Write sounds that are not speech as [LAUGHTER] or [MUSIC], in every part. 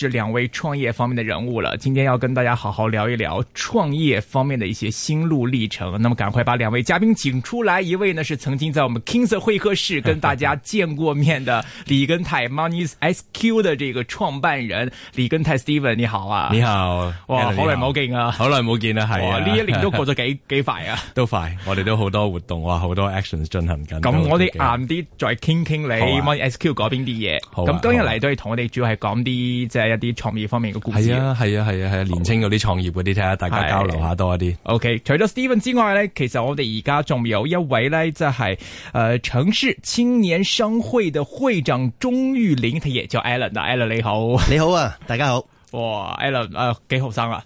是兩位創業方面的人物了，今天要跟大家好好聊一聊創業方面的一些心路歷程。那麼趕快把兩位嘉賓請出來，一位呢是曾經在我們 King's 會客室跟大家見過面的李根泰 Money SQ 的這個創辦人李根泰 Steven，你好啊，你好，哇，好耐冇見啊，好耐冇見啊。係啊，呢一年都過咗幾幾快啊，都快，我哋都好多活動，哇，好多 actions 進行緊，咁我哋啱啲再傾傾你 Money SQ 嗰邊啲嘢，咁今日嚟都係同我哋主要係講啲即係。一啲創業方面嘅故事，係啊，係啊，係啊，係啊，年青嗰啲創業嗰啲，睇下大家交流下多一啲。OK，除咗 Steven 之外咧，其實我哋而家仲有一位咧，就係誒城市青年商會嘅會長鍾玉麟，佢也叫 Alan。Alan 你好，你好啊，大家好。哇，Alan 誒幾後生啊？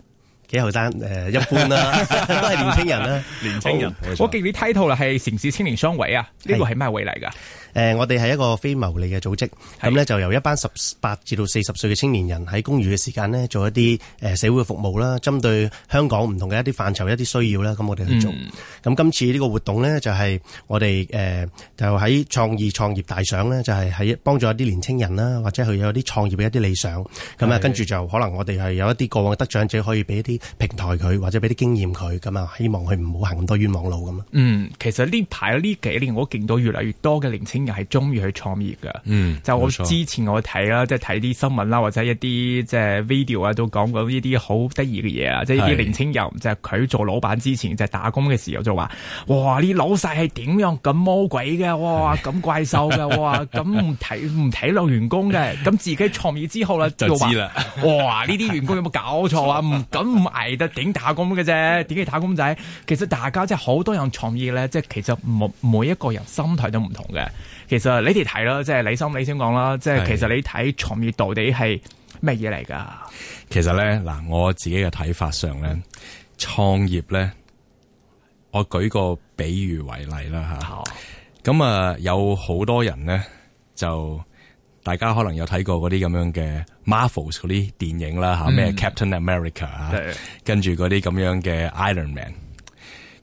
幾後生誒一般啦，都係年輕人啦。年輕人，我見你 title 啦，係城市青年商委啊，呢個係咩位嚟噶？誒，我哋係一個非牟利嘅組織，咁呢就由一班十八至到四十歲嘅青年人喺公寓嘅時間呢做一啲誒社會服務啦，針對香港唔同嘅一啲範疇、一啲需要啦，咁我哋去做。咁、嗯、今次呢個活動呢，就係我哋誒就喺創意創業大賞呢，就係喺幫助一啲年青人啦，或者佢有啲創業嘅一啲理想，咁啊是跟住就可能我哋係有一啲過往嘅得獎者可以俾一啲平台佢，或者俾啲經驗佢，咁啊希望佢唔好行咁多冤枉路咁啊。嗯，其實呢排呢幾年我見到越嚟越多嘅年青，係中意去創業噶，嗯、就我之前我睇啦，錯即係睇啲新聞啦，或者一啲是即係 video 啊，都講過呢啲好得意嘅嘢啊，即係呢啲年輕人就係、是、佢做老闆之前就是、打工嘅時候就話，哇！呢老細係點樣咁魔鬼嘅，哇咁怪獸嘅，哇咁唔睇唔體諒員工嘅，咁自己創業之後啦就話，哇！呢啲員工有冇搞錯啊？唔咁唔挨得頂打工嘅啫？點解打工仔？其實大家即係好多人創業咧，即係其實每每一個人心態都唔同嘅。其實你哋睇啦，即係你心理先講啦，即係其實你睇創業到底係咩嘢嚟噶？其實咧嗱，我自己嘅睇法上咧，創業咧，我舉個比喻為例啦吓。咁啊，好嗯、有好多人咧，就大家可能有睇過嗰啲咁樣嘅 Marvel 嗰啲電影啦吓，咩、啊、Captain America 啊，嗯、跟住嗰啲咁樣嘅 Iron Man，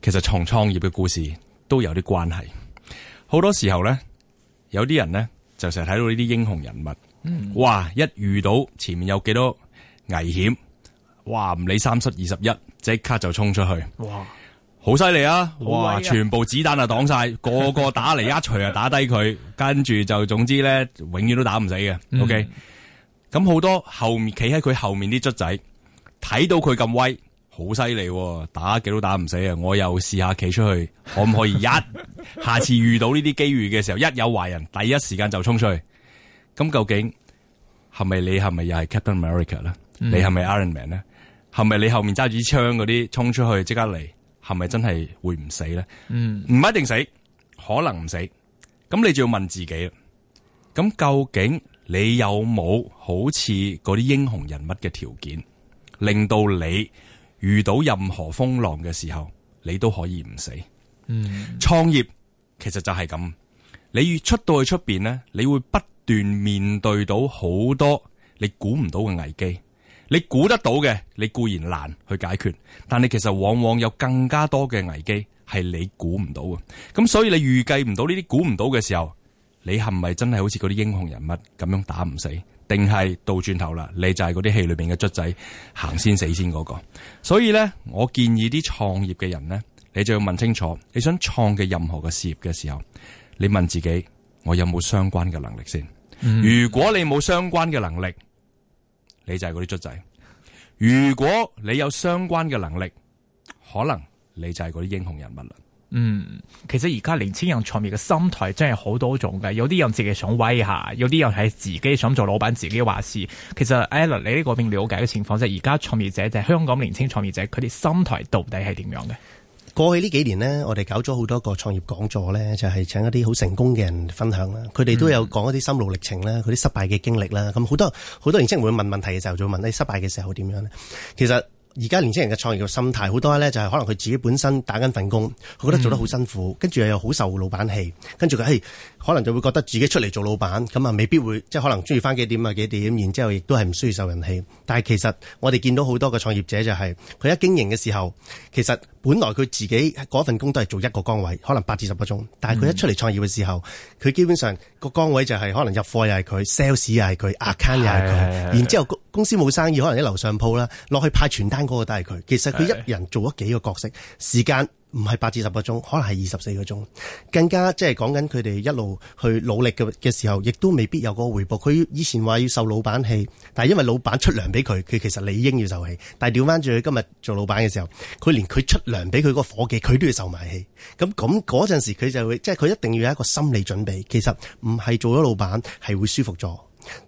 其實從創業嘅故事都有啲關係。好多時候咧。有啲人咧就成日睇到呢啲英雄人物，嗯、哇！一遇到前面有幾多危險，哇！唔理三七二十一，即刻就衝出去，哇！好犀利啊！哇！啊、全部子彈啊擋晒，個個打嚟一錘啊 [LAUGHS] 打低佢，跟住就總之咧永遠都打唔死嘅。O K，咁好多後面企喺佢後面啲卒仔睇到佢咁威。好犀利，打幾都打唔死啊！我又試下企出去，可唔可以一？ [LAUGHS] 下次遇到呢啲機遇嘅時候，一有壞人，第一時間就衝出去。咁究竟，係咪你？係咪又係 Captain America 咧？嗯、你係咪 Iron Man 咧？係咪你後面揸住槍嗰啲衝出去即刻嚟？係咪真係會唔死咧？嗯，唔一定死，可能唔死。咁你就要問自己，咁究竟你有冇好似嗰啲英雄人物嘅條件，令到你，遇到任何風浪嘅時候，你都可以唔死。嗯，創業其實就係咁，你越出到去出邊咧，你會不斷面對到好多你估唔到嘅危機。你估得到嘅，你固然難去解決，但你其實往往有更加多嘅危機係你估唔到嘅。咁所以你預計唔到呢啲估唔到嘅時候，你係咪真係好似嗰啲英雄人物咁樣打唔死？定係倒轉頭啦，你就係嗰啲戲裏邊嘅卒仔行先死先嗰、嗰個，所以咧，我建議啲創業嘅人咧，你就要問清楚，你想創嘅任何嘅事業嘅時候，你問自己，我有冇相關嘅能力先？嗯、如果你冇相關嘅能力，你就係嗰啲卒仔；如果你有相關嘅能力，可能你就係嗰啲英雄人物啦。嗯，其實而家年青人創業嘅心態真係好多種嘅，有啲人自己想威下，有啲人係自己想做老闆，自己話事。其實 Alan，你呢個邊了解嘅情況，就係而家創業者，就係香港年青創業者，佢哋心態到底係點樣嘅？過去呢幾年呢，我哋搞咗好多個創業講座咧，就係、是、請一啲好成功嘅人分享啦，佢哋都有講一啲心路歷程啦，佢啲失敗嘅經歷啦。咁好多好多年青人會問問題嘅時候，就會問「你、哎、失敗嘅時候點樣呢？」其實。而家年輕人嘅創業嘅心態好多咧，就係可能佢自己本身打緊份工，佢覺得做得好辛苦，跟住、嗯、又好受老闆氣，跟住佢誒。嘿可能就會覺得自己出嚟做老闆咁啊，未必會即係可能鍾意返幾點啊，幾點，然之後亦都係唔需要受人氣。但係其實我哋見到好多個創業者就係、是、佢一經營嘅時候，其實本來佢自己嗰份工都係做一個崗位，可能八至十個鐘。但係佢一出嚟創業嘅時候，佢、嗯、基本上個崗位就係、是、可能入貨又係佢，sales 又係佢，account 又係佢，是的 然之後公公司冇生意，可能喺樓上鋪啦，落去派傳單嗰個都係佢。其實佢一人做咗幾個角色，時間。唔係八至十個鐘，可能係二十四個鐘，更加即係講緊佢哋一路去努力嘅嘅時候，亦都未必有個回報。佢以前話要受老闆氣，但係因為老闆出糧俾佢，佢其實理應要受氣。但係調翻轉佢今日做老闆嘅時候，佢連佢出糧俾佢個夥計，佢都要受埋氣。咁咁嗰陣時，佢就會即係佢一定要有一個心理準備。其實唔係做咗老闆係會舒服咗，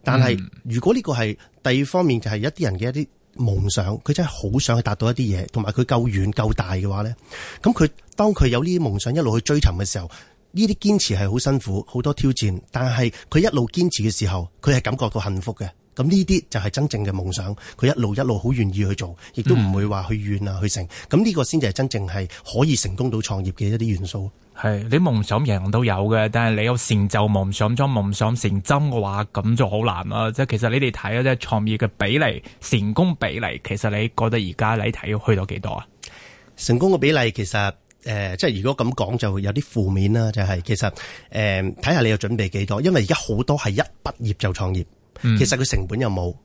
但係如果呢個係第二方面，就係、是、一啲人嘅一啲。夢想，佢真係好想去達到一啲嘢，同埋佢夠遠夠大嘅話呢。咁佢當佢有呢啲夢想一路去追尋嘅時候，呢啲堅持係好辛苦，好多挑戰，但係佢一路堅持嘅時候，佢係感覺到幸福嘅。咁呢啲就係真正嘅夢想，佢一路一路好願意去做，亦都唔會話去怨啊去成。咁呢個先至係真正係可以成功到創業嘅一啲元素。係你夢想人人都有嘅，但係你有成就夢想將夢想成真嘅話，咁就好難啦、啊。即係其實你哋睇下，即係創業嘅比例成功比例，其實你覺得而家你睇要去到幾多啊？成功嘅比例其實誒、呃，即係如果咁講就有啲負面啦，就係、是、其實誒，睇、呃、下你有準備幾多，因為而家好多係一畢業就創業。其實佢成本又冇，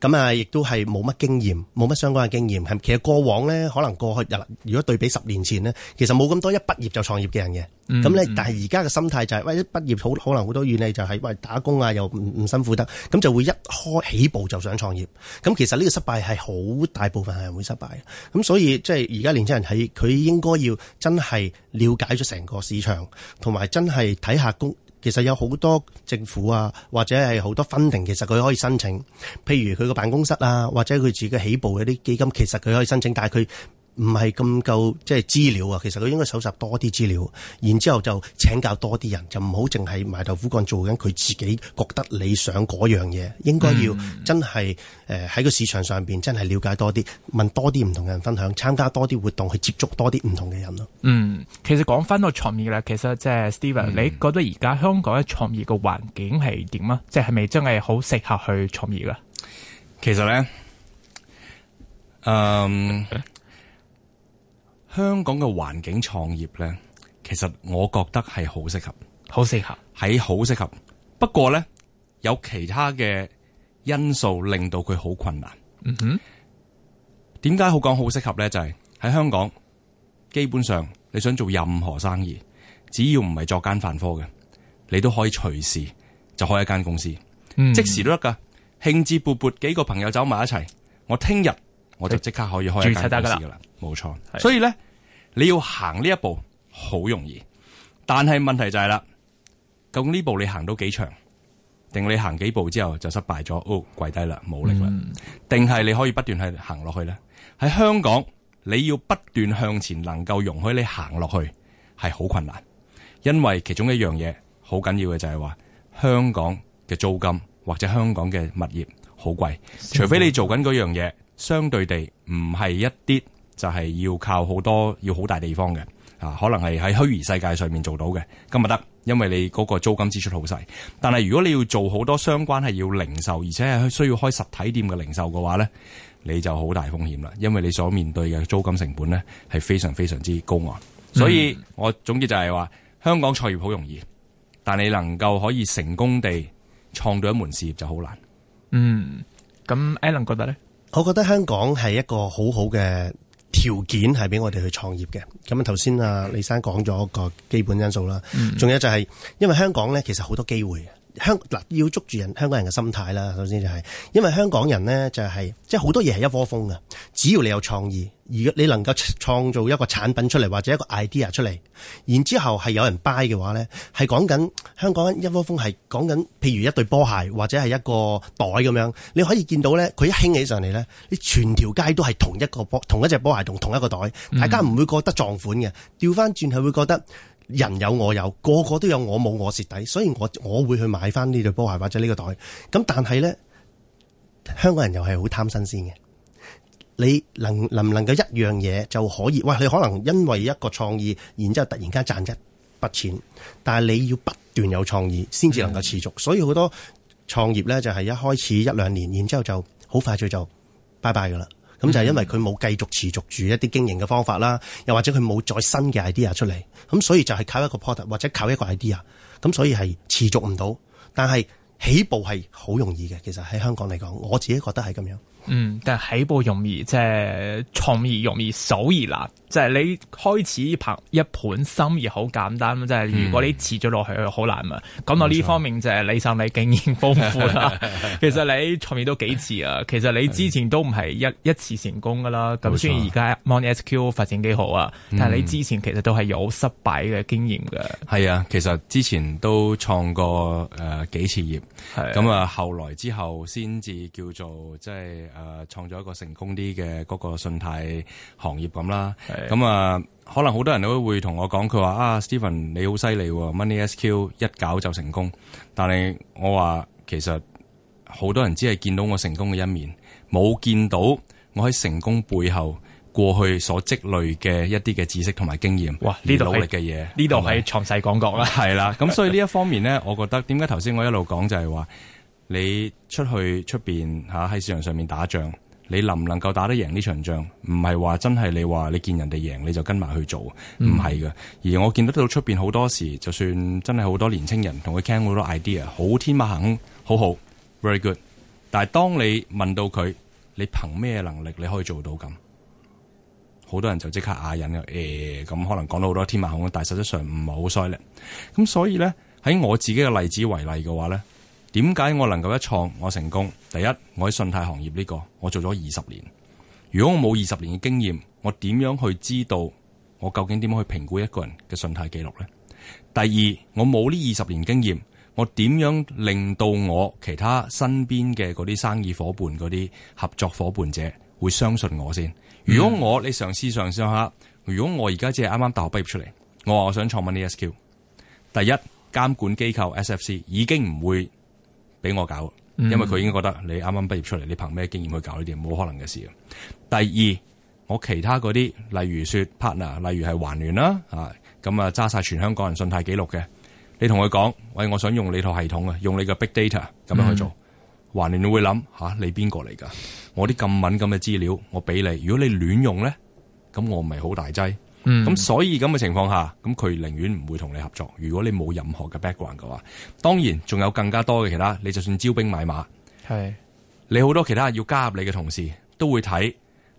咁啊，亦都係冇乜經驗，冇乜相關嘅經驗。係其實過往呢，可能過去日，如果對比十年前呢，其實冇咁多一畢業就創業嘅人嘅。咁咧，但係而家嘅心態就係，喂，一畢業好可能好多怨咧，就係喂打工啊，又唔唔辛苦得，咁就會一開起步就想創業。咁其實呢個失敗係好大部分係會失敗。咁所以即係而家年輕人喺，佢應該要真係了解咗成個市場，同埋真係睇下工。其實有好多政府啊，或者係好多 funding，其實佢可以申請。譬如佢個辦公室啊，或者佢自己起步嗰啲基金，其實佢可以申請，但係佢，唔係咁夠即係資料啊，其實佢應該搜集多啲資料，然之後就請教多啲人，就唔好淨係埋頭苦幹做緊佢自己覺得理想嗰樣嘢。應該要真係誒喺個市場上邊真係了解多啲，問多啲唔同嘅人分享，參加多啲活動去接觸多啲唔同嘅人咯。嗯，其實講翻到創業啦，其實即係 Steven，、嗯、你覺得而家香港嘅創業嘅環境係點啊？即係係咪真係好適合去創業噶？其實咧，嗯、um,。香港嘅環境創業咧，其實我覺得係好適合，好適合，喺好適合。不過咧，有其他嘅因素令到佢好困難。嗯哼，點解好講好適合咧？就係、是、喺香港，基本上你想做任何生意，只要唔係作奸犯科嘅，你都可以隨時就開一間公司，嗯、即時都得噶。興致勃勃幾個朋友走埋一齊，我聽日我就即刻可以開一間公司噶啦。嗯嗯冇錯，錯，的所以咧，你要行呢一步好容易，但係問題就係、是、啦，咁呢步你行到幾長，定你行幾步之後就失敗咗，哦，跪低啦，冇力啦，定係、嗯、你可以不斷去行落去咧？喺香港，你要不斷向前能夠，能夠容許你行落去係好困難，因為其中一樣嘢好緊要嘅就係話香港嘅租金或者香港嘅物業好貴，苦除非你做緊嗰樣嘢相對地唔係一啲。就係要靠好多要好大地方嘅啊，可能係喺虛擬世界上面做到嘅，咁唔得，因為你嗰個租金支出好細。但係如果你要做好多相關係要零售，而且係需要開實體店嘅零售嘅話呢，你就好大風險啦，因為你所面對嘅租金成本呢，係非常非常之高昂。所以，我總結就係話，香港創業好容易，但你能夠可以成功地創造一門事業就好難。嗯，咁 Alan 覺得呢？我覺得香港係一個好好嘅。條件係俾我哋去創業嘅。咁啊，頭先啊李生講咗個基本因素啦，嗯、仲有就係、是、因為香港咧，其實好多機會。香嗱要捉住人香港人嘅心態啦，首先就係、是，因為香港人呢、就是，就係即係好多嘢係一窩蜂嘅，只要你有創意，如果你能夠創造一個產品出嚟或者一個 idea 出嚟，然之後係有人 buy 嘅話呢，係講緊香港一窩蜂係講緊，譬如一對波鞋或者係一個袋咁樣，你可以見到呢，佢一興起上嚟呢，你全條街都係同一個波，同一隻波鞋，同同一個袋，大家唔會覺得撞款嘅，調翻轉係會覺得。人有我有，個個都有我冇我蝕底，所以我我會去買返呢對波鞋或者呢個袋。咁但係呢，香港人又係好貪新鮮嘅。你能能唔能夠一樣嘢就可以？喂，你可能因為一個創意，然之後突然間賺一筆錢，但係你要不斷有創意先至能夠持續。嗯、所以好多創業呢，就係一開始一兩年，然之後就好快脆就，就拜拜㗎喇。咁就係因為佢冇繼續持續住一啲經營嘅方法啦，又或者佢冇再新嘅 idea 出嚟，咁所以就係靠一個 product 或者靠一個 idea，咁所以係持續唔到。但係起步係好容易嘅，其實喺香港嚟講我自己覺得係咁樣。嗯，但係起步容易，即係創業容易，守而難。即係你開始拍一盤心而好簡單，即係如果你持咗落去，好難啊，咁我呢方面就係李秀美經驗豐富啦。其實你創業都幾次啊？其實你之前都唔係一一次成功噶啦。咁雖然而家 MoneySQ 發展幾好啊。但係你之前其實都係有失敗嘅經驗嘅。係啊，其實之前都創過誒幾次業，咁啊後來之後先至叫做即係。誒，創、呃、造一個成功啲嘅嗰個信貸行業咁啦，咁啊是的、嗯、呃，可能好多人都會同我講，佢話啊，Steven 你好犀利喎，Money SQ 一搞就成功，但係我話其實好多人只係見到我成功嘅一面，冇見到我喺成功背後過去所積累嘅一啲嘅知識同埋經驗，哇！呢度係努力嘅嘢，呢度係藏細講角啦，係啦。 [LAUGHS] 咁所以呢一方面咧，我覺得點解頭先我一路講就係話。你出去出邊吓喺市場上面打仗，你能唔能夠打得贏呢場仗？唔係話真係你話你見人哋贏你就跟埋去做，唔係噶。嗯、而我見得到出邊好多時，就算真係好多年青人同佢傾好多 idea，好天馬行空，好好 very good。但係當你問到佢，你憑咩能力你可以做到咁？好多人就即刻啞忍嘅。誒、哎、咁可能講到好多天馬行空，但實質上唔係好犀利。咁所以咧，喺我自己嘅例子為例嘅話咧。點解我能夠一創我成功？第一，我喺信貸行業呢個我做咗二十年。如果我冇二十年嘅經驗，我點樣去知道我究竟點樣去評估一個人嘅信貸記錄呢？第二，我冇呢二十年經驗，我點樣令到我其他身邊嘅嗰啲生意伙伴、嗰啲合作伙伴者會相信我先？如果我你嘗試嘗試下，如果我而家只係啱啱大學畢業出嚟，我話我想創 MoneySQ。第一，監管機構 S F C 已經唔會。俾我搞，因為佢已經覺得你啱啱畢業出嚟，你憑咩經驗去搞呢啲冇可能嘅事。第二，我其他嗰啲，例如說 partner，例如係環聯啦，啊，咁啊揸晒全香港人信貸記錄嘅，你同佢講，喂，我想用你套系統啊，用你個 big data 咁樣去做，環聯、嗯、你會諗吓、啊，你邊個嚟噶？我啲咁敏感嘅資料，我俾你，如果你亂用咧，咁我咪好大劑。咁、嗯、所以咁嘅情況下，咁佢寧願唔會同你合作。如果你冇任何嘅 background 嘅話，當然仲有更加多嘅其他。你就算招兵買馬，係是你好多其他要加入你嘅同事都會睇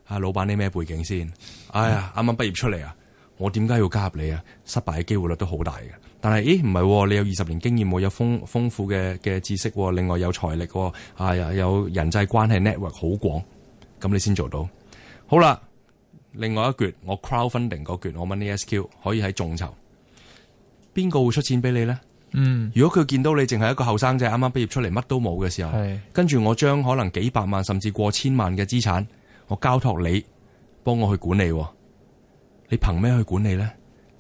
啊，老闆你咩背景先？哎呀，啱啱畢業出嚟啊，我點解要加入你啊？失敗嘅機會率都好大嘅。但係，咦？唔係、啊，你有二十年經驗，我有豐豐富嘅嘅知識，另外有財力，啊、哎，有有人際關係 network 好廣，咁你先做到。好啦。另外一橛，我 crowdfunding 嗰橛，我問 ASQ 可以喺眾籌，邊個會出錢俾你咧？嗯，如果佢見到你淨係一個後生仔，啱啱畢業出嚟，乜都冇嘅時候，係是的 跟住我將可能幾百萬甚至過千萬嘅資產，我交託你幫我去管理，哦。你憑咩去管理咧？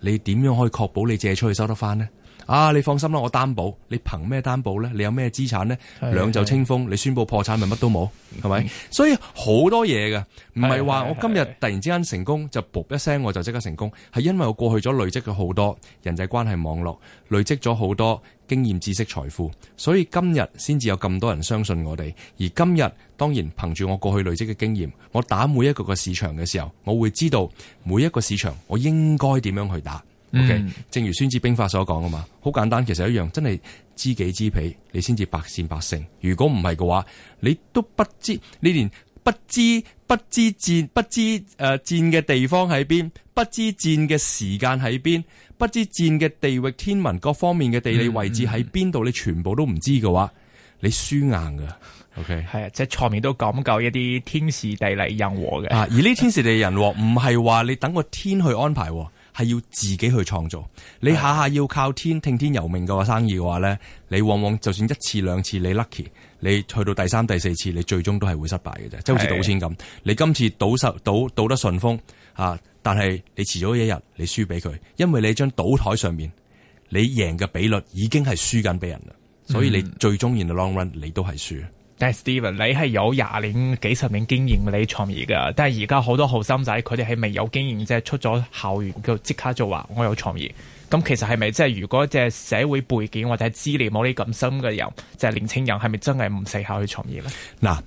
你點樣可以確保你借出去收得翻咧？啊！你放心啦，我擔保。你憑咩擔保呢？你有咩資產呢？兩袖的清風，的你宣布破產咪乜都冇，係咪？ [LAUGHS] 所以好多嘢嘅，唔係話我今日突然之間成功就噗一聲我就即刻成功，係因為我過去咗累積咗好多人際關係網絡，累積咗好多經驗、知識、財富，所以今日先至有咁多人相信我哋。而今日當然憑住我過去累積嘅經驗，我打每一個個市場嘅時候，我會知道每一個市場我應該點樣去打。OK，正如孫子兵法所講啊嘛，好簡單，其實一樣，真係知己知彼，你先至百戰百勝。如果唔係嘅話，你都不知，你連不知不知戰不知誒戰嘅地方喺邊，不知戰嘅時間喺邊，不知戰嘅地域、天文各方面嘅地理位置喺邊度，你全部都唔知嘅話，你輸硬噶。OK，係啊，即係場面都講究一啲天時地利人和嘅啊。而呢天時地利人和唔係話你等個天去安排。係要自己去創造，你下下要靠天，聽天由命嘅話，生意嘅話咧，你往往就算一次兩次你 lucky，你去到第三第四次，你最終都係會失敗嘅啫，即係好似賭錢咁，你今次賭順賭賭得順風啊，但係你遲咗一日你輸俾佢，因為你張賭台上面你贏嘅比率已經係輸緊俾人啦，所以你最終 in the long run 你都係輸。但 Steven，你係有廿年，幾十年經驗，你創業噶。但係而家好多後生仔，佢哋係未有經驗，即係出咗校園，佢即刻就話我有創業？咁其實係咪即係如果即係社會背景或者資料冇你咁深嘅人，即係年青人，係咪真係唔適合去創業咧？嗱，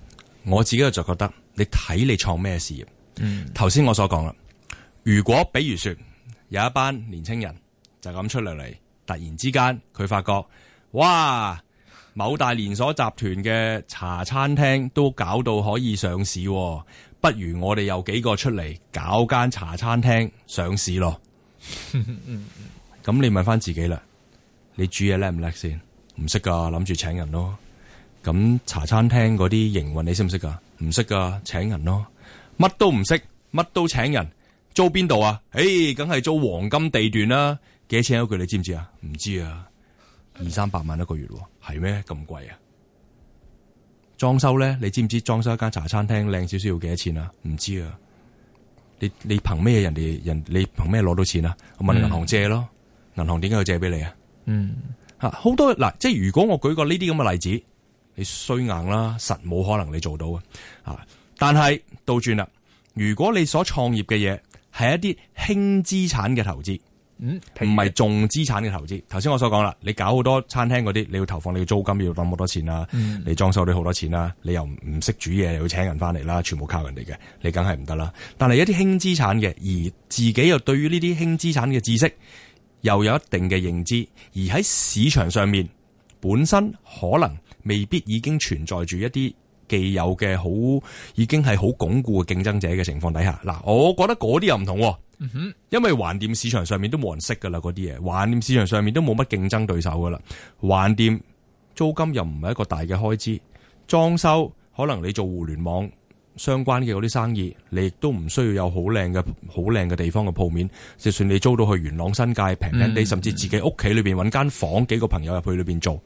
我自己就覺得，你睇你創咩事業。嗯。頭先我所講啦，如果比如說有一班年青人就咁出嚟，嚟突然之間佢發覺，哇！某大連鎖集團嘅茶餐廳都搞到可以上市，啊，不如我哋有幾個出嚟，搞間茶餐廳上市咯？咁 [LAUGHS] 你問翻自己啦，你煮嘢叻唔叻先？唔識噶諗住請人咯。咁茶餐廳嗰啲營運你識唔識噶？唔識噶，請人咯，乜都唔識，乜都請人。租邊度啊？誒，欸，梗係租黃金地段啦，啊。幾錢一句？你知唔知啊？唔知啊。二三百萬一個月喎，係咩咁貴啊？裝修咧，你知唔知裝修一間茶餐廳靚少少要幾多錢啊？唔知啊？你你憑咩人哋人你憑咩攞到錢啊？我問銀行借咯，銀行點解要借俾你啊？嗯，吓好多嗱，即係如果我舉個呢啲咁嘅例子，你衰硬啦，實冇可能你做到嘅啊！但係倒轉啦，如果你所創業嘅嘢係一啲輕資產嘅投資。唔唔係重資產嘅投資，頭先我所講啦，你搞好多餐廳嗰啲，你要投放你要租金要搵好多錢啦，嗯、你裝修你好多錢啦，你又唔識煮嘢，又要請人翻嚟啦，全部靠人哋嘅，你梗係唔得啦。但係一啲輕資產嘅，而自己又對於呢啲輕資產嘅知識又有一定嘅認知，而喺市場上面本身可能未必已經存在住一啲既有嘅好，已經係好鞏固嘅競爭者嘅情況底下，嗱，我覺得嗰啲又唔同。嗯哼，因為橫掂市場上面都冇人識噶啦，嗰啲嘢橫掂市場上面都冇乜競爭對手噶啦，橫掂租金又唔係一個大嘅開支，裝修可能你做互聯網相關嘅嗰啲生意，你亦都唔需要有好靚嘅好靚嘅地方嘅鋪面，就算你租到去元朗新界平平地，甚至自己屋企裏邊揾間房，幾個朋友入去裏邊做，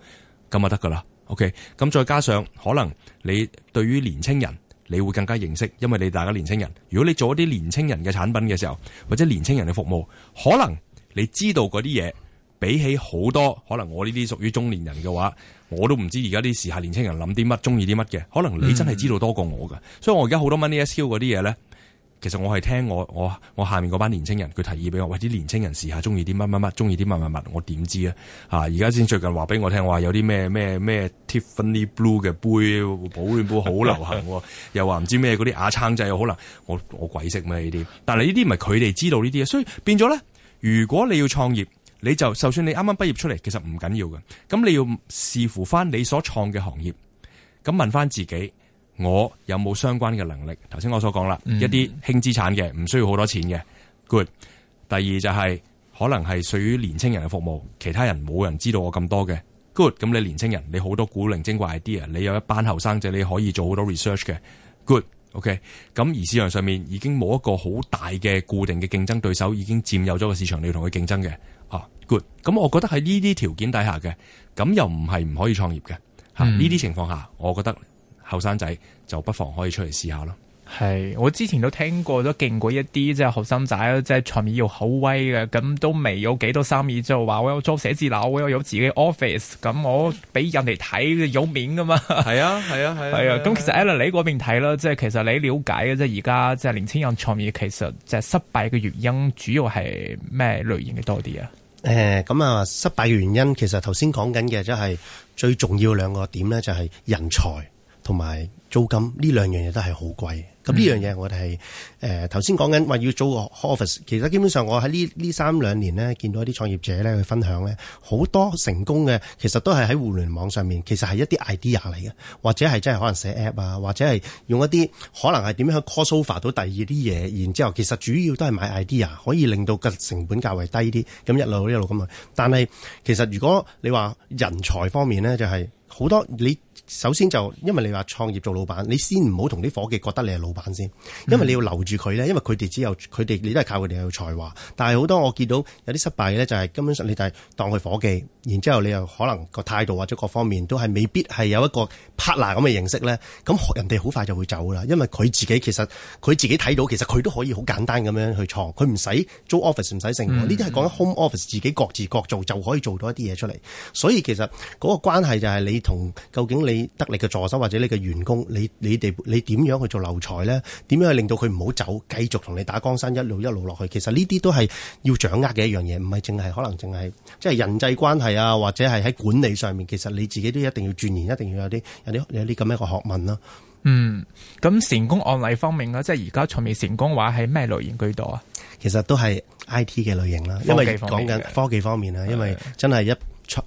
咁就得噶啦，OK，咁再加上可能你對於年輕人。你會更加認識，因為你大家年青人，如果你做一啲年青人嘅產品嘅時候，或者年青人嘅服務，可能你知道嗰啲嘢，比起好多可能我呢啲屬於中年人嘅話，我都唔知而家啲時下年青人諗啲乜，鍾意啲乜嘅，可能你真係知道多過我㗎，嗯、所以我而家好多 Money S Q 嗰啲嘢咧。其實我係聽我我我下面嗰班年青人佢提議俾我，喂，啲年青人時下中意啲乜乜乜，中意啲乜乜乜，我點知啊？吓，而家先最近話俾我聽，我話有啲咩咩咩 Tiffany Blue 嘅杯保暖杯好流行， [LAUGHS] 又話唔知咩嗰啲亞撐仔又好難，我我鬼識咩呢啲？但係呢啲唔係佢哋知道呢啲啊，所以變咗咧，如果你要創業，你就就算你啱啱畢業出嚟，其實唔緊要嘅。咁你要視乎翻你所創嘅行業，咁問翻自己。我有冇相關嘅能力？頭先我所講啦，一啲輕資產嘅，唔需要好多錢嘅，good。第二就係可能係屬於年青人嘅服務，其他人冇人知道我咁多嘅，good。咁你年青人，你好多古靈精怪 idea，你有一班後生仔，你可以做好多 research 嘅，good。OK。咁而市場上面已經冇一個好大嘅固定嘅競爭對手，已經佔有咗個市場，你要同佢競爭嘅，啊，good。咁我覺得喺呢啲條件底下嘅，咁又唔係唔可以創業嘅。吓，呢啲情況下，我覺得。後生仔就不妨可以出嚟試下咯。係，我之前都聽過，都見過一啲即係後生仔，即係創業要好威嘅，咁都未有幾多生意做，話我有租寫字樓，我有有自己 office，咁我俾人哋睇有面噶嘛。係啊，係啊，係啊。咁、啊啊啊、其實 Alan 你嗰邊睇啦，即係其實你了解嘅，即係而家即係年輕人創業，其實即係失敗嘅原因主要係咩類型嘅多啲啊？誒、欸，咁啊，失敗原因其實頭先講緊嘅即係最重要兩個點咧，就係人才。同埋租金呢兩樣嘢都係好貴嘅。咁呢樣嘢我哋係誒頭先講緊話要租個 office，其實基本上我喺呢呢三兩年咧見到一啲創業者咧去分享咧，好多成功嘅其實都係喺互聯網上面，其實係一啲 idea 嚟嘅，或者係真係可能寫 app 啊，或者係用一啲可能係點樣去 solve 到第二啲嘢，然之後其實主要都係買 idea，可以令到個成本較為低啲，咁一路一路咁啊。但係其實如果你話人才方面咧，就係、是、好多你。首先就，因為你話創業做老闆，你先唔好同啲伙計覺得你係老闆先，因為你要留住佢咧，因為佢哋只有佢哋，你都係靠佢哋有才華。但係好多我見到有啲失敗嘅咧，就係根本上你就係當佢伙計，然之後你又可能個態度或者各方面都係未必係有一個 partner 咁嘅形式咧。咁人哋好快就會走啦，因為佢自己其實佢自己睇到，其實佢都可以好簡單咁樣去創，佢唔使租 office 唔使剩，呢啲係講喺 home office 自己各自各做就可以做到一啲嘢出嚟。所以其實嗰個關係就係你同究竟。你得力嘅助手或者你嘅員工，你你哋你點樣去做留才呢？點樣去令到佢唔好走，繼續同你打江山一路一路落去？其實呢啲都係要掌握嘅一樣嘢，唔係淨係可能淨係即係人際關係啊，或者係喺管理上面，其實你自己都一定要鑽研，一定要有啲有啲有啲咁一個學問咯、啊。嗯，咁成功案例方面咧，即係而家從未成功話係咩類型居多啊？其實都係 IT 嘅類型啦，因為講緊科技方面啊，因為真係一。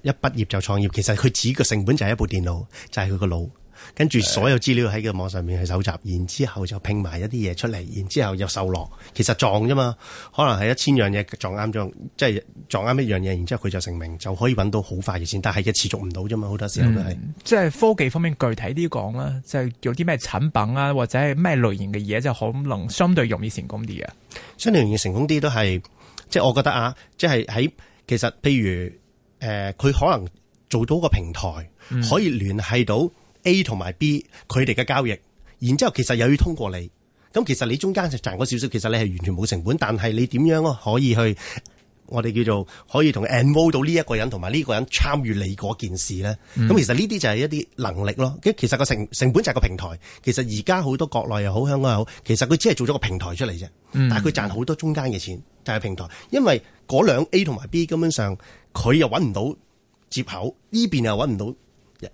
一畢業就創業，其實佢自己個成本就係一部電腦，就係佢個腦，跟住所有資料喺個網上面去搜集，然之後就拼埋一啲嘢出嚟，然之後又受落。其實撞啫嘛，可能係一千樣嘢撞啱咗，即係撞啱一樣嘢，然之後佢就成名，就可以揾到好快嘅錢。但係一持續唔到啫嘛，好多時候都係、嗯。即係科技方面，具體啲講啦，即係有啲咩產品啊，或者係咩類型嘅嘢，就可能相對容易成功啲啊。相對容易成功啲都係，即係我覺得啊，即係喺其實譬如。誒，佢、呃、可能做到個平台，嗯、可以聯繫到 A 同埋 B 佢哋嘅交易，然之後其實又要通過你，咁其實你中間就賺咗少少，其實你係完全冇成本，但係你點樣可以去，我哋叫做可以同 involve 到呢一個人同埋呢個人參與你嗰件事呢。咁、嗯、其實呢啲就係一啲能力咯。其實個成成本就係個平台，其實而家好多國內又好，香港又好，其實佢只係做咗個平台出嚟啫，嗯、但係佢賺好多中間嘅錢就係、是、平台，因為嗰兩 A 同埋 B 根本上。佢又揾唔到接口，呢邊又揾唔到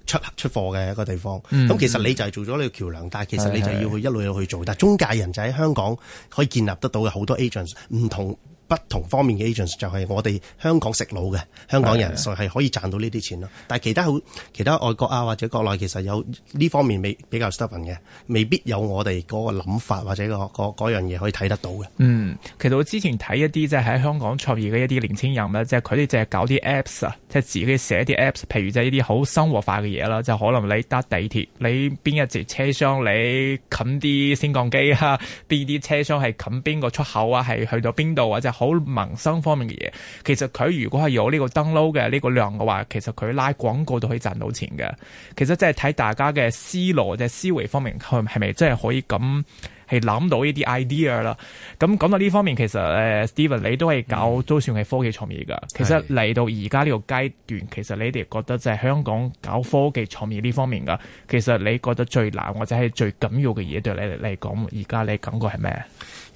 出出貨嘅一個地方。咁、嗯、其實你就係做咗呢個橋樑，但係其實你就要去一,一路去做。係係但係中介人就喺香港可以建立得到嘅好多 agents，唔同。不同方面嘅 agent 就係我哋香港食腦嘅香港人，所以係可以賺到呢啲錢咯。的但係其他好其他外國啊或者國內，其實有呢方面未比較 stubborn 嘅，未必有我哋嗰個諗法或者，嗰個個嗰樣嘢可以睇得到嘅。嗯，其實我之前睇一啲即係喺香港創業嘅一啲年輕人咧，即係佢哋淨係搞啲 apps 啊，即係自己寫啲 apps，譬如即係呢啲好生活化嘅嘢啦，就是，可能你搭地鐵，你邊一節車廂你冚啲升降機啊，邊啲車廂係冚邊個出口啊，係去到邊度或者？好民生方面嘅嘢，其實佢如果係有呢個 download 嘅呢個量嘅話，其實佢拉廣告都可以賺到錢嘅。其實即係睇大家嘅思路，即係思維方面，佢係咪真係可以咁？係諗到呢啲 idea 啦，咁講到呢方面，其實誒，Steven 你都係搞、嗯、都算係科技創業噶。其實嚟到而家呢個階段，是其實你哋覺得就係香港搞科技創業呢方面噶，其實你覺得最難或者係最緊要嘅嘢，對你嚟講而家你感覺係咩？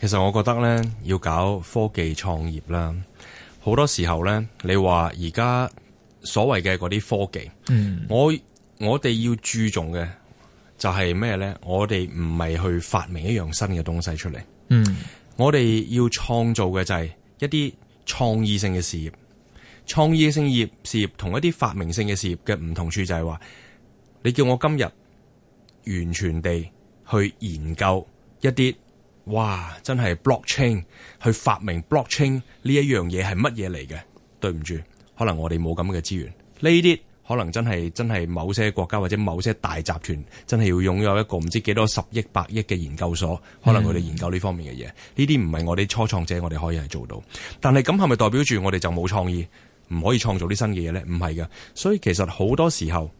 其實我覺得咧，要搞科技創業啦，好多時候咧，你話而家所謂嘅嗰啲科技，嗯，我我哋要注重嘅。就係咩咧？我哋唔係去發明一樣新嘅東西出嚟。嗯，我哋要創造嘅就係一啲創意性嘅事業。創意性業事業同一啲發明性嘅事業嘅唔同處就係話，你叫我今日完全地去研究一啲，哇！真係 blockchain 去發明 blockchain 呢一樣嘢係乜嘢嚟嘅？對唔住，可能我哋冇咁嘅資源。呢啲。可能真係真係某些國家或者某些大集團真係要擁有一個唔知幾多十億百億嘅研究所，可能佢哋研究呢方面嘅嘢。呢啲唔係我哋初創者，我哋可以係做到。但係咁係咪代表住我哋就冇創意，唔可以創造啲新嘅嘢咧？唔係嘅，所以其實好多時候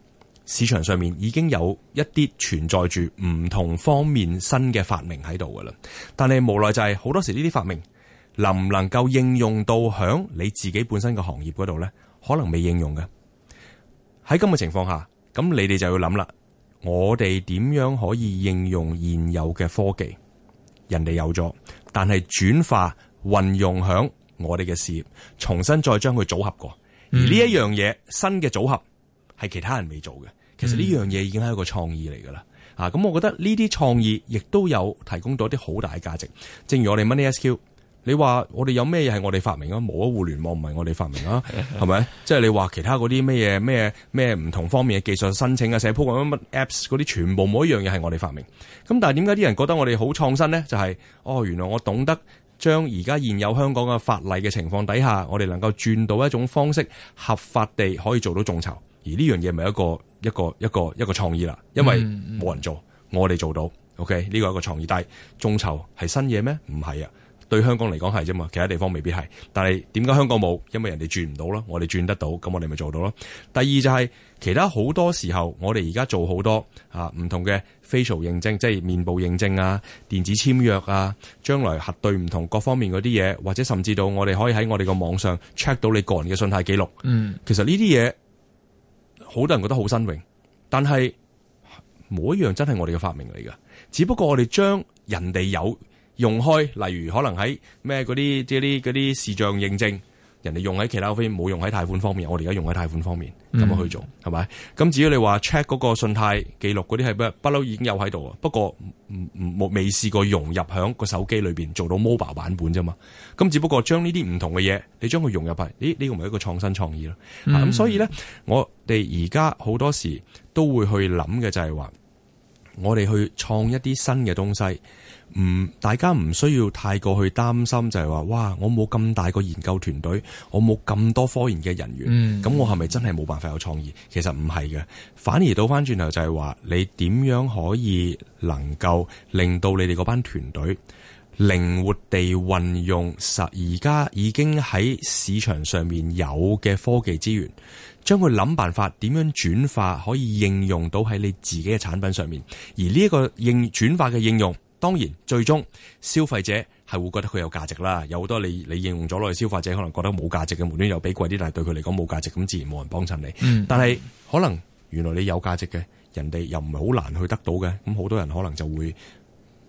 市場上面已經有一啲存在住唔同方面新嘅發明喺度噶啦。但係無奈就係好多時呢啲發明能唔能夠應用到響你自己本身嘅行業嗰度咧，可能未應用嘅。喺咁嘅情況下，咁你哋就要諗啦。我哋點樣可以應用現有嘅科技？人哋有咗，但係轉化運用響我哋嘅事業，重新再將佢組合過。而呢一樣嘢新嘅組合係其他人未做嘅。其實呢樣嘢已經係一個創意嚟噶啦。啊，咁我覺得呢啲創意亦都有提供到一啲好大嘅價值。正如我哋 MoneySQ。你話我哋有咩嘢係我哋發明啊？冇啊，互聯網唔係我哋發明啊，係咪？ [LAUGHS] 即係你話其他嗰啲咩嘢咩咩唔同方面嘅技術申請啊，寫 program 啊乜乜 apps 嗰啲，全部冇一樣嘢係我哋發明。咁但係點解啲人覺得我哋好創新呢？就係、是、哦，原來我懂得將而家現有香港嘅法例嘅情況底下，我哋能夠轉到一種方式合法地可以做到眾籌。而呢樣嘢咪一個一個一個一個創意啦，因為冇人做，我哋做到。OK 呢個係一個創意，但係眾籌係新嘢咩？唔係啊。對香港嚟講係啫嘛，其他地方未必係。但係點解香港冇？因為人哋轉唔到咯，我哋轉得到，咁我哋咪做到咯。第二就係、是、其他好多時候，我哋而家做好多啊唔同嘅 facial 認證，即係面部認證啊、電子簽約啊，將來核對唔同各方面嗰啲嘢，或者甚至到我哋可以喺我哋個網上 check 到你個人嘅信貸記錄。嗯，其實呢啲嘢，好多人覺得好新穎，但係冇一樣真係我哋嘅發明嚟噶。只不過我哋將人哋有。用開，例如可能喺咩嗰啲即係啲啲視像認證，人哋用喺其他方面冇用喺貸款方面，我哋而家用喺貸款方面咁去做，係咪、嗯？咁只要你話 check 嗰個信貸記錄嗰啲係咩？不嬲已經有喺度啊，不過未試過融入喺個手機裏邊做到 mobile 版本啫嘛。咁只不過將呢啲唔同嘅嘢，你將佢融入埋，咦呢、這個唔係一個創新創意咯？咁、嗯啊、所以咧，我哋而家好多時都會去諗嘅就係話，我哋去創一啲新嘅東西。唔，大家唔需要太過去擔心就，就係話哇，我冇咁大個研究團隊，我冇咁多科研嘅人員，咁、嗯、我係咪真係冇辦法有創意？其實唔係嘅，反而倒翻轉頭就係話，你點樣可以能夠令到你哋嗰班團隊靈活地運用實而家已經喺市場上面有嘅科技資源，將佢諗辦法點樣轉化，可以應用到喺你自己嘅產品上面，而呢一個應轉化嘅應用。當然，最終消費者係會覺得佢有價值啦。有好多你你應用咗落去，消費者可能覺得冇價值嘅，無端又俾貴啲，但係對佢嚟講冇價值，咁自然冇人幫襯你。嗯、但係可能原來你有價值嘅，人哋又唔係好難去得到嘅，咁好多人可能就會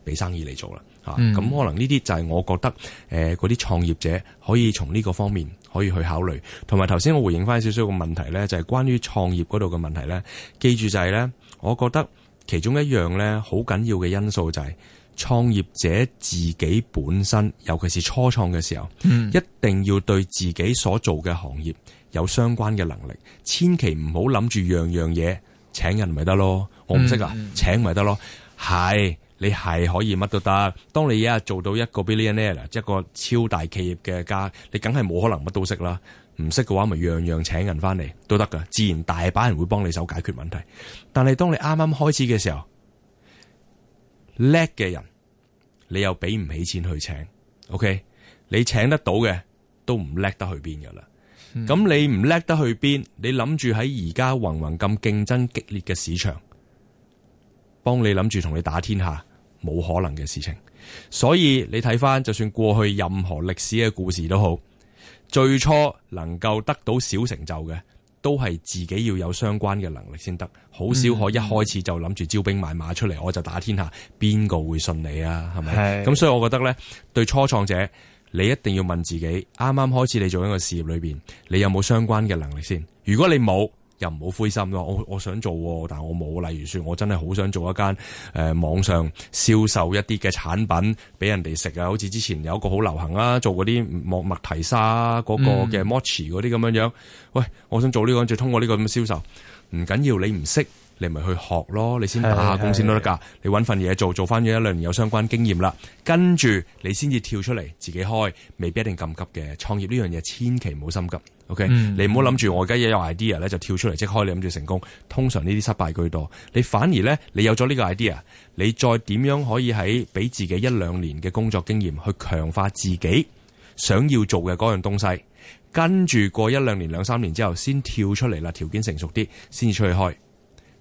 俾生意嚟做啦。嚇、嗯，咁可能呢啲就係我覺得誒嗰啲創業者可以從呢個方面可以去考慮。同埋頭先我回應翻少少個問題呢，就係、是、關於創業嗰度嘅問題呢。記住就係、是、呢，我覺得其中一樣呢，好緊要嘅因素就係、是。創業者自己本身，尤其是初創嘅時候，嗯、一定要對自己所做嘅行業有相關嘅能力。千祈唔好諗住樣樣嘢請人，咪得咯。我唔識啊，嗯嗯、請咪得咯。係你係可以乜都得。當你一日做到一個 billionaire，即一個超大企業嘅家，你梗係冇可能乜都識啦。唔識嘅話，咪樣樣請人返嚟都得㗎。自然大把人會幫你手解決問題。但係當你啱啱開始嘅時候，叻嘅人，你又俾唔起錢去請？OK，你請得到嘅都唔叻得去邊噶啦。咁、嗯、你唔叻得去邊？你諗住喺而家芸芸咁競爭激烈嘅市場，幫你諗住同你打天下，冇可能嘅事情。所以你睇翻，就算過去任何歷史嘅故事都好，最初能夠得到小成就嘅，都係自己要有相關嘅能力先得，好少可一開始就諗住招兵買馬出嚟，我就打天下。邊個會信你啊？係咪咁？是的 所以我覺得呢，對初創者，你一定要問自己，啱啱開始你做一個事業裏邊，你有冇相關嘅能力先？如果你冇，又唔好灰心咯，我我想做，但係我冇。例如說我真係好想做一間誒、呃、網上銷售一啲嘅產品俾人哋食啊，好似之前有一個好流行啦，做嗰啲莫麥提沙嗰、嗰個嘅 mochi 嗰啲咁樣樣。嗯、喂，我想做呢、呢個，就通過呢個咁銷售，唔緊要，你唔識。你咪去學咯，你先打下工先都得㗎。是的 你搵份嘢做，做返咗一兩年有相關經驗啦，跟住你先至跳出嚟自己開，未必一定咁急嘅。創業呢樣嘢千祈唔好心急。OK，嗯、你唔好諗住我而家一有 idea 咧就跳出嚟即開。你諗住成功，通常呢啲失敗居多。你反而呢，你有咗呢個 idea，你再點樣可以喺畀自己一兩年嘅工作經驗去強化自己想要做嘅嗰樣東西，跟住過一兩年兩三年之後先跳出嚟啦，條件成熟啲先出去開。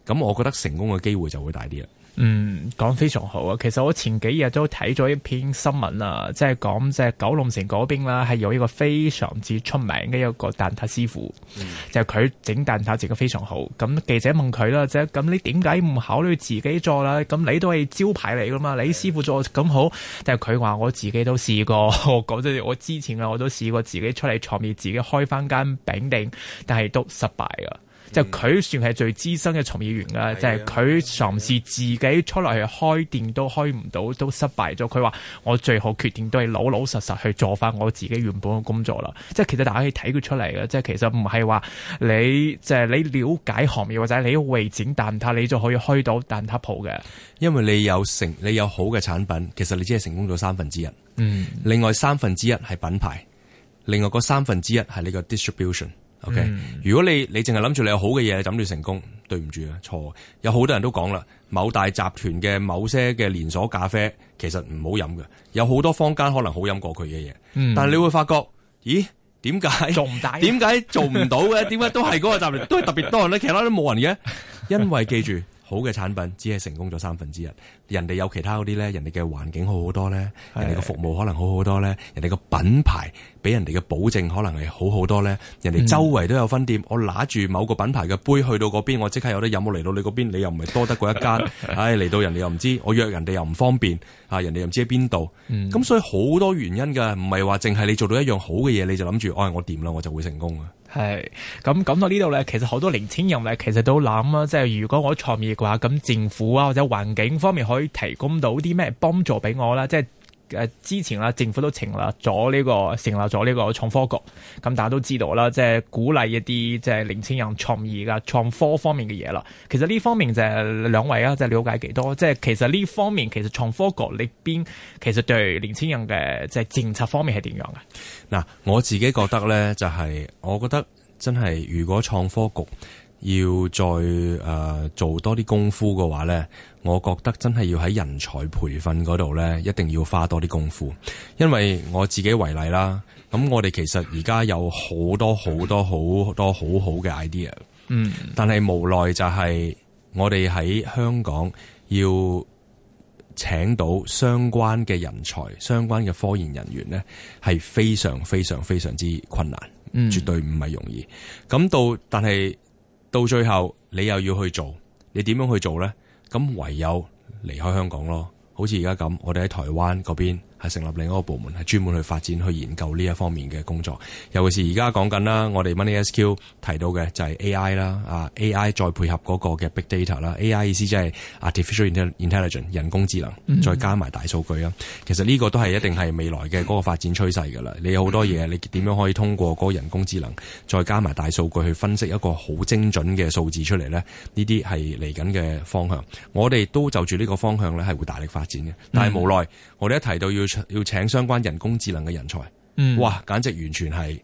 咁我覺得成功嘅機會就會大啲啦。嗯，講非常好啊！其實我前幾日都睇咗一篇新聞啊，即係講隻九龍城嗰邊啦，係有一個非常之出名嘅一個蛋撻師傅，嗯、就係佢整蛋撻整得非常好。咁記者問佢啦，即係咁你點解唔考慮自己做啦？咁你都係招牌嚟噶嘛？你師傅做咁好，但係佢話我自己都試過，講真，我之前啊，我都試過自己出嚟創業，自己開翻間餅店，但係都失敗啊。就佢、嗯、算係最資深嘅從業員啦，嗯、就係佢嘗試自己出嚟去開店都開唔到，都失敗咗。佢話：我最後決定都係老老實實去做翻我自己原本嘅工作啦。即係其實大家可以睇佢出嚟嘅，即係其實唔係話你，即係你了解行業或者你會整蛋撻，你就可以開到蛋撻鋪嘅。因為你有成，你有好嘅產品，其實你只係成功咗三分之一。嗯，另外三分之一係品牌，另外嗰三分之一係你個 distribution。OK，、嗯、如果你你淨係諗住你有好嘅嘢，諗住成功，對唔住啊，錯。有好多人都講啦，某大集團嘅某些嘅連鎖咖啡其實唔好飲嘅，有好多坊間可能好飲過佢嘅嘢。嗯、但係你會發覺，咦，點解做唔大啊？點解做唔到嘅？點解 [LAUGHS] 都係嗰個集團，都係特別多人咧，其他都冇人嘅？ [LAUGHS] 因為記住。好嘅產品只係成功咗三分之一，人哋有其他嗰啲咧，人哋嘅環境好好多咧，是的 人哋嘅服務可能好好多咧，人哋嘅品牌畀人哋嘅保證可能係好好多咧，人哋周圍都有分店，我攞住某個品牌嘅杯去到嗰邊，我即刻有得飲。我嚟到你嗰邊，你又唔係多得過一間，唉嚟、 [LAUGHS] 哎、到人哋又唔知，我約人哋又唔方便，啊人哋又唔知喺邊度，咁 [LAUGHS] 所以好多原因㗎，唔係話淨係你做到一樣好嘅嘢，你就諗住，哦、哎、我掂啦，我就會成功啊！係，咁講到呢度咧，其實好多年輕人咧，其實都諗啊，即係如果我創業嘅話，咁政府啊或者環境方面可以提供到啲咩幫助俾我啦，即係。誒之前啦，政府都成立咗呢個成立咗呢個創科局，咁大家都知道啦，即係鼓勵一啲即係年輕人創意嘅創科方面嘅嘢啦。其實呢方面就係兩位啊，即係了解幾多？即係其實呢方面其實創科局呢邊其實對年輕人嘅即係政策方面係點樣嘅？嗱，我自己覺得咧，就係我覺得真係如果創科局，要再誒、呃、做多啲功夫嘅話咧，我覺得真係要喺人才培訓嗰度咧，一定要花多啲功夫。因為我自己為例啦，咁我哋其實而家有好多好多好多好好嘅 idea，嗯，但係無奈就係我哋喺香港要請到相關嘅人才，相關嘅科研人員咧，係非常非常非常之困難，絕對唔係容易。咁到但係。到最後你又要去做，你點樣去做咧？咁唯有離開香港咯，好似而家咁，我哋喺台灣嗰邊。係成立另一個部門，係專門去發展、去研究呢一方面嘅工作。尤其是而家講緊啦，我哋 Money SQ 提到嘅就係 AI 啦、啊，啊 AI 再配合嗰個嘅 Big Data 啦，AI 意思即係 Artificial Intelligence 人工智能，再加埋大數據啦。其實呢個都係一定係未來嘅嗰個發展趨勢㗎啦。你有好多嘢，你點樣可以通過嗰個人工智能，再加埋大數據去分析一個好精準嘅數字出嚟咧？呢啲係嚟緊嘅方向。我哋都就住呢個方向咧，係會大力發展嘅。但係無奈我哋一提到要要請相關人工智能嘅人才，嗯、哇，簡直完全係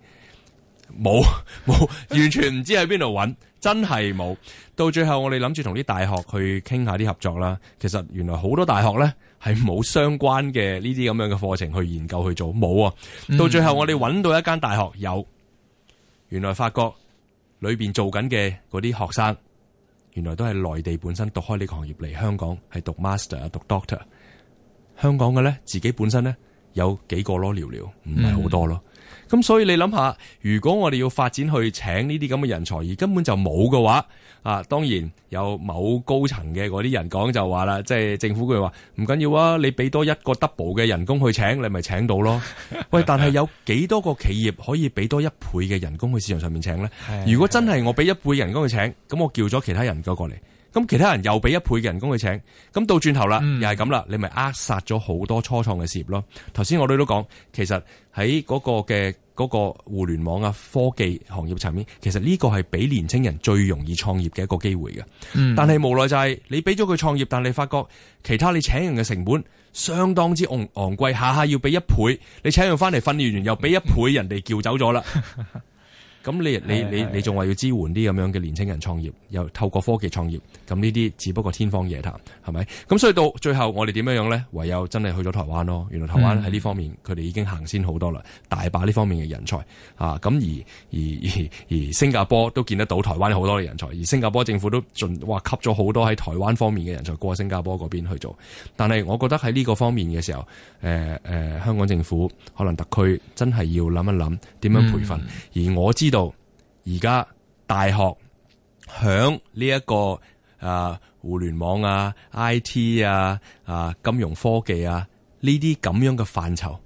冇冇，完全唔知喺邊度揾，真係冇。到最後我哋諗住同啲大學去傾下啲合作啦。其實原來好多大學呢係冇相關嘅呢啲咁樣嘅課程去研究去做，冇啊。到最後我哋揾到一間大學有，原來發覺裏邊做緊嘅嗰啲學生，原來都係內地本身讀開呢個行業嚟香港，係讀 Master 啊，讀 Doctor。香港嘅咧，自己本身咧有幾個咯，寥寥唔係好多咯。咁、嗯、所以你諗下，如果我哋要發展去請呢啲咁嘅人才，而根本就冇嘅話，啊，當然有某高層嘅嗰啲人講就話啦，即、就、係、是、政府佢話唔緊要啊，你俾多一個 double 嘅人工去請，你咪請到咯。 [LAUGHS] 喂，但係有幾多個企業可以俾多一倍嘅人工去市場上面請呢？ [LAUGHS] 如果真係我俾一倍人工去請，咁我叫咗其他人咗過嚟。咁其他人又俾一倍嘅人工去請，咁到轉頭啦，嗯、又係咁啦，你咪扼殺咗好多初創嘅事業咯。頭先我哋都講，其實喺嗰個嘅嗰、嗰個互聯網啊科技行業層面，其實呢個係俾年青人最容易創業嘅一個機會嘅。嗯、但係無奈就係你俾咗佢創業，但係你發覺其他你請人嘅成本相當之昂昂貴，下下要俾一倍，你請人翻嚟訓練完又俾一倍，人哋叫走咗啦。 [LAUGHS] 咁你你你你仲話要支援啲咁樣嘅年青人創業，又透過科技創業，咁呢啲只不過天方夜譚，係咪？咁所以到最後我哋點樣樣咧？唯有真係去咗台灣咯。原來台灣喺呢方面佢哋、嗯、已經行先好多啦，大把呢方面嘅人才啊！咁而而而而新加坡都見得到台灣好多嘅人才，而新加坡政府都盡話吸咗好多喺台灣方面嘅人才過新加坡嗰邊去做。但係我覺得喺呢個方面嘅時候，誒、呃、誒、呃，香港政府可能特區真係要諗一諗點樣培訓，嗯、而我知道。而家大學響呢一個啊、呃、互聯網啊 IT 啊啊金融科技啊呢啲咁樣嘅範疇，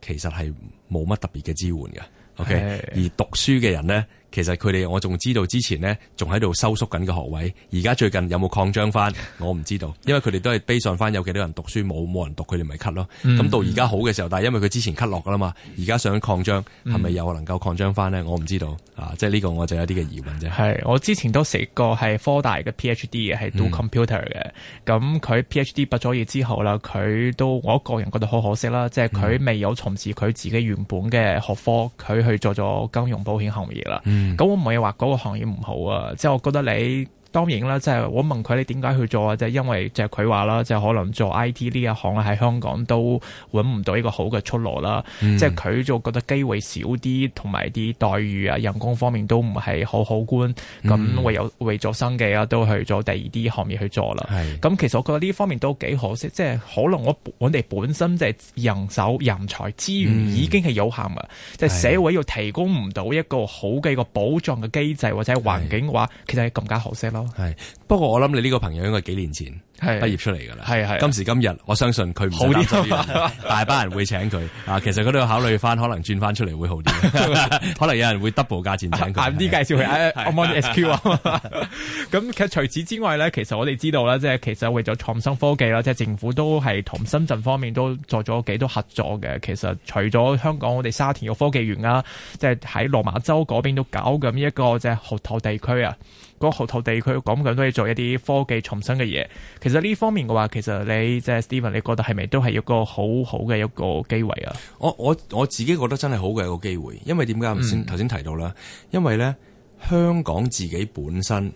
其實係冇乜特別嘅支援嘅。OK，的而讀書嘅人咧。其實佢哋我仲知道之前呢，仲喺度收縮緊嘅學位，而家最近有冇擴張翻？我唔知道，因為佢哋都係 base on 翻有幾多人讀書，冇冇人讀，佢哋咪 cut 咯。咁、嗯、到而家好嘅時候，但係因為佢之前 cut 落噶啦嘛，而家想擴張，係咪又能夠擴張翻呢？我唔知道啊，即係呢個我就有啲嘅疑問啫。係我之前都食過係科大嘅 PhD 嘅，係讀 computer 嘅，嗯。咁佢 PhD 畢咗業之後啦，佢都我個人覺得好可惜啦，即係佢未有從事佢自己原本嘅學科，佢去做咗金融保險行業啦。嗯嗯，咁我唔係話嗰個行業唔好啊，即係我覺得你。當然啦，即係我問佢你點解去做啊？即係因為就係佢話啦，即係可能做 IT 呢一行喺香港都揾唔到一個好嘅出路啦。即係佢就覺得機會少啲，同埋啲待遇啊、人工方面都唔係好好觀。咁、嗯、唯有為咗生計啊，都去咗第二啲行業去做啦。咁是其實我覺得呢方面都幾可惜。即係可能我哋本身即係人手人才資源已經係有限噶，即係、嗯、社會要提供唔到一個好嘅一個保障嘅機制或者係環境嘅話，是其實係更加可惜咯。係，不過我諗你呢個朋友應該幾年前畢業出嚟噶啦，係係。今時今日，我相信佢唔擔心，大班人會請佢啊。其實佢都要考慮翻，可能轉翻出嚟，會好啲。可能有人會 double 價錢請佢。啲介紹佢啊 m o n sq 啊咁，其實除此之外咧，其實我哋知道啦，即係其實為咗創新科技啦，即係政府都係同深圳方面都做咗幾多合作嘅。其實除咗香港，我哋沙田嘅科技園啊，即係喺落馬洲嗰邊都搞咁一個即係河套地區啊。個學徒地區講緊都要做一啲科技創新嘅嘢，其實呢方面嘅話，其實你即係 Steven 你覺得係咪都係一個好好嘅一個機會啊？我我我自己覺得真係好嘅一個機會，因為點解先頭先提到啦？因為咧香港自己本身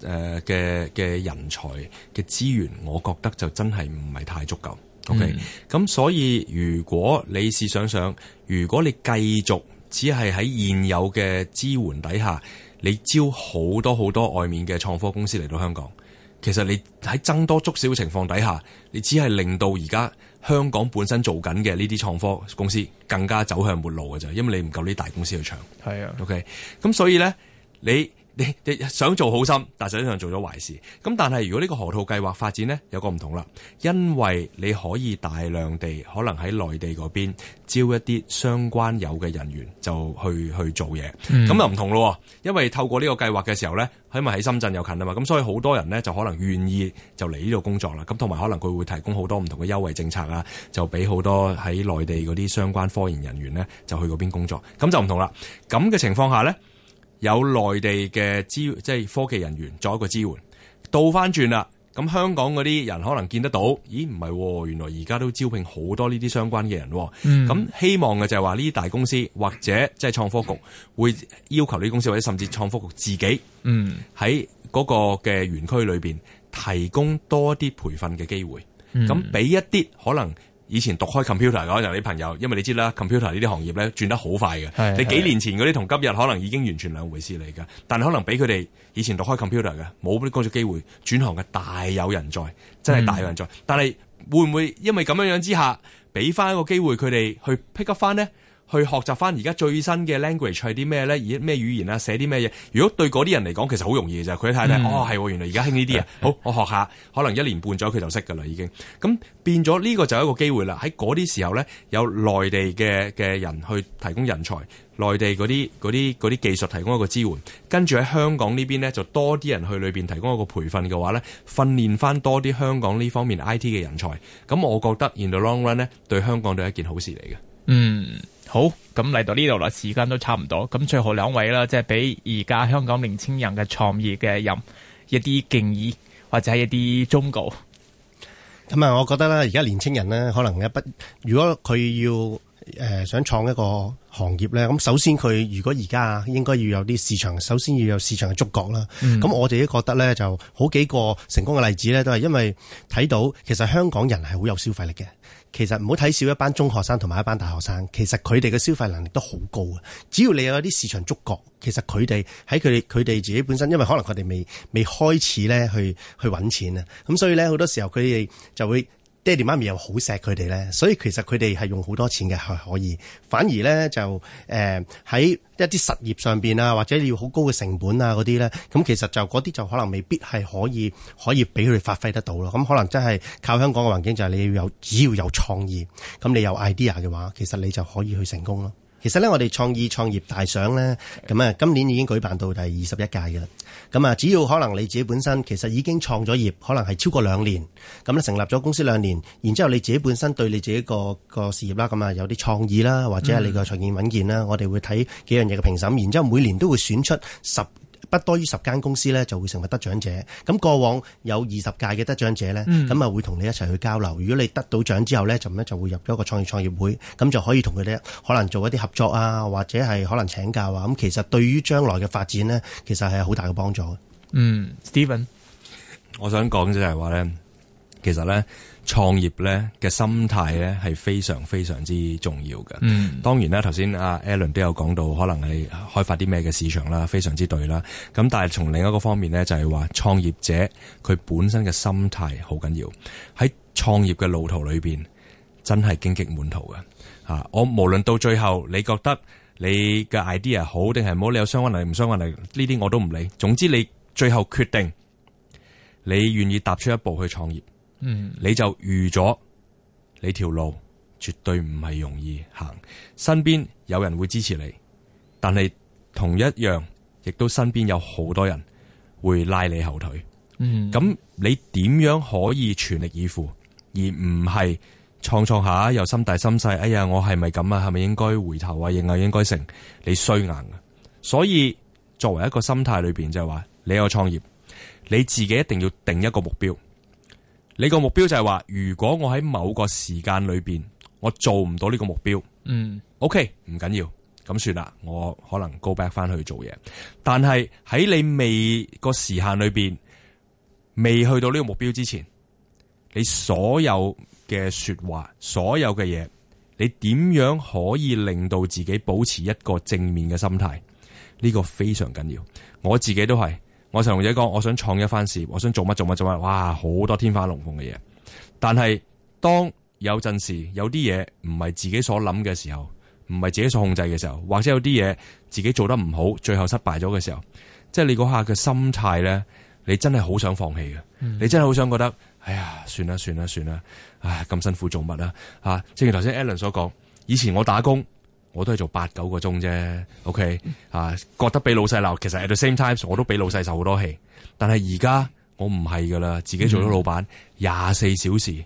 誒嘅嘅人才嘅資源，我覺得就真係唔係太足夠。OK，咁、嗯、所以如果你試想想，如果你繼續只係喺現有嘅支援底下，你招好多好多外面嘅創科公司嚟到香港，其實你喺僧多粥少情況底下，你只係令到而家香港本身做緊嘅呢啲創科公司更加走向末路嘅咋，因為你唔夠呢大公司去搶係啊。OK，咁所以呢，你。你你想做好心，但實際上做咗壞事。咁但係如果呢個河套計劃發展呢，有個唔同啦，因為你可以大量地可能喺內地嗰邊招一啲相關有嘅人員，就去去做嘢。咁、嗯、就唔同咯，因為透過呢個計劃嘅時候呢，因為喺深圳又近啊嘛，咁所以好多人呢，就可能願意就嚟呢度工作啦。咁同埋可能佢會提供好多唔同嘅優惠政策啊，就俾好多喺內地嗰啲相關科研人員呢，就去嗰邊工作。咁就唔同啦。咁嘅情況下呢。有內地嘅資即係科技人員做一個支援，倒翻轉啦。咁香港嗰啲人可能見得到，咦？唔係、哦，原來而家都招聘好多呢啲相關嘅人、哦。咁、mm. 希望嘅就係話呢啲大公司或者即係創科局會要求呢啲公司或者甚至創科局自己喺嗰、mm. 個嘅園區裏邊提供多啲培訓嘅機會，咁俾一啲可能。以前讀開 computer 嘅，有啲朋友，因為你知道啦，computer 呢啲行業咧轉得好快嘅，是是你幾年前嗰啲同今日可能已經完全兩回事嚟㗎，但可能俾佢哋以前讀開 computer 嘅冇啲工作機會轉行嘅大有人在，真係大有人在。嗯、但係會唔會因為咁樣樣之下，俾翻一個機會佢哋去 pick up 翻呢？去學習翻而家最新嘅 language 係啲咩呢？而咩語言啊？寫啲咩嘢？如果對嗰啲人嚟講，其實好容易嘅啫。佢睇睇，嗯、哦，係，原來而家興呢啲啊。嗯、好，我學下，可能一年半咗佢就識㗎喇，已經。咁變咗呢個就係一個機會啦。喺嗰啲時候呢，有內地嘅嘅人去提供人才，內地嗰啲啲啲技術提供一個支援，跟住喺香港呢邊呢，就多啲人去裏邊提供一個培訓嘅話呢，訓練翻多啲香港呢方面 IT 嘅人才。咁我覺得，in the long run 呢，對香港都係一件好事嚟嘅。嗯。好，咁嚟到呢度啦，時間都差唔多。咁最後兩位啦，即係俾而家香港年輕人嘅創業嘅人一啲建議，或者係一啲忠告。咁啊、嗯，我覺得咧，而家年輕人咧，可能一不，如果佢要誒想創一個行業咧，咁首先佢如果而家應該要有啲市場，首先要有市場嘅觸覺啦。咁、嗯、我自己覺得咧，就好幾個成功嘅例子咧，都係因為睇到其實香港人係好有消費力嘅。其實唔好睇少一班中學生同埋一班大學生，其實佢哋嘅消費能力都好高啊！只要你有啲市場觸覺，其實佢哋喺佢哋佢哋自己本身，因為可能佢哋未未開始咧去去揾錢啊，咁所以咧好多時候佢哋就會。爹哋媽咪又好錫佢哋咧，所以其實佢哋係用好多錢嘅，係可以。反而咧就誒喺、呃、一啲實業上邊啊，或者要好高嘅成本啊嗰啲咧，咁其實就嗰啲就可能未必係可以可以俾佢哋發揮得到咯。咁可能真係靠香港嘅環境就係你要有只要有創意，咁你有 idea 嘅話，其實你就可以去成功咯。其實咧，我哋創意創業大賞咧，咁啊，今年已經舉辦到第二十一屆嘅啦。咁啊，只要可能你自己本身其實已經創咗業，可能係超過兩年，咁咧成立咗公司兩年，然之後你自己本身對你自己個個事業啦，咁啊有啲創意啦，或者係你個財務穩健啦，我哋會睇幾樣嘢嘅評審，然之後每年都會選出十不多於十間公司呢，就會成為得獎者。咁過往有二十屆嘅得獎者呢，咁啊會同你一齊去交流。如果你得到獎之後呢，就咩就會入咗一個創業創業會，咁就可以同佢哋可能做一啲合作啊，或者係可能請教啊。咁其實對於將來嘅發展呢，其實係好大嘅幫助。嗯，Steven，我想講就係話呢，其實呢。創業咧嘅心態咧係非常非常之重要嘅。嗯，當然啦，頭先阿 Alan 都有講到，可能係開發啲咩嘅市場啦，非常之對啦。咁但係從另一個方面咧，就係話創業者佢本身嘅心態好緊要。喺創業嘅路途裏邊，真係荊棘滿途嘅。啊，我無論到最後，你覺得你嘅 idea 好定係冇，你有相關能力唔相關能力呢啲我都唔理。總之你最後決定，你願意踏出一步去創業。嗯，你就預咗你條路絕對唔係容易行，身邊有人會支持你，但係同一樣亦都身邊有好多人會拉你後腿。嗯，咁你點樣可以全力以赴，而唔係創創下又心大心細？哎呀，我係咪咁啊？係咪應該回頭啊？認啊應該成你衰硬？啊，所以作為一個心態裏邊就係話，你有創業，你自己一定要定一個目標。你個目標就係話，如果我喺某個時間裏邊，我做唔到呢個目標，嗯，OK，唔緊要，咁算啦，我可能 go back 翻去做嘢。但係喺你未個時限裏邊，未去到呢個目標之前，你所有嘅說話，所有嘅嘢，你點樣可以令到自己保持一個正面嘅心態？呢個非常緊要，我自己都係。我成日同者講，我想創一番事，我想做乜做乜做乜，哇，好多天花龍鳳嘅嘢。但係當有陣時，有啲嘢唔係自己所諗嘅時候，唔係自己所控制嘅時候，或者有啲嘢自己做得唔好，最後失敗咗嘅時候，即係你嗰下嘅心態咧，你真係好想放棄嘅，你真係好想覺得，哎呀，算啦算啦算啦，唉，咁辛苦做乜啦？啊，正如頭先 Alan 所講，以前我打工。我都係做八九個鐘啫，OK、嗯、啊，覺得俾老細鬧，其實 at the same time 我都俾老細受好多氣。但係而家我唔係噶啦，自己做咗老闆，廿四、嗯、小時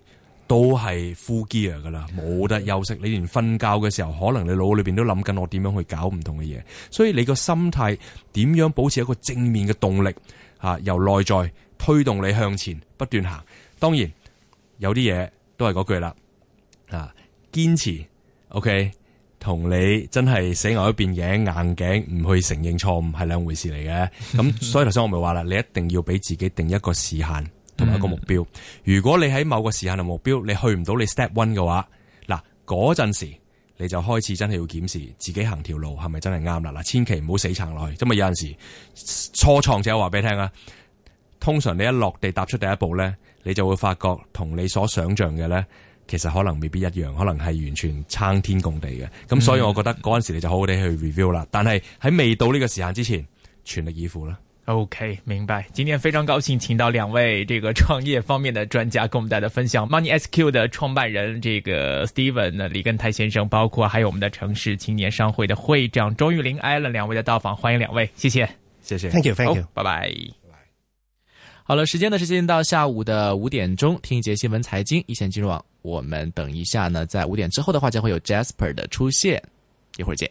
都係 full gear 噶啦，冇、嗯、得休息。你連瞓覺嘅時候，可能你腦裏邊都諗緊我點樣去搞唔同嘅嘢。所以你個心態點樣保持一個正面嘅動力吓、啊，由內在推動你向前不斷行。當然有啲嘢都係嗰句啦，啊，堅持 OK。同你真係死牛一邊頸，硬頸，唔去承認錯誤係兩回事嚟嘅。咁 [LAUGHS] 所以頭先我咪話啦，你一定要俾自己定一個時限同一個目標。嗯、如果你喺某個時限嘅目標，你去唔到你 step one 嘅話，嗱，嗰陣時你就開始真係要檢視自己行條路係咪真係啱啦。嗱，千祈唔好死撐落去。咁啊，有陣時初創者話俾你聽啊，通常你一落地踏出第一步咧，你就會發覺同你所想象嘅咧。其實可能未必一樣，可能係完全撐天共地嘅，咁所以我覺得嗰陣時你就好好哋去 review 啦。嗯、但係喺未到呢個時間之前，全力以赴啦。OK，明白。今天非常高興請到兩位這個創業方面的專家，跟我們大家分享 Money SQ 的創辦人這個 Steven 李根泰先生，包括還有我們的城市青年商會的會長鍾玉麟 Alan 兩位的到訪，歡迎兩位，謝謝，謝謝，Thank you，Thank you，拜拜。Bye bye 好了，時間呢，是時間到下午的五點鐘，聽一節新聞財經，一線金融網。我們等一下呢，在五點之後的話，將會有 Jasper 的出現，一會兒見。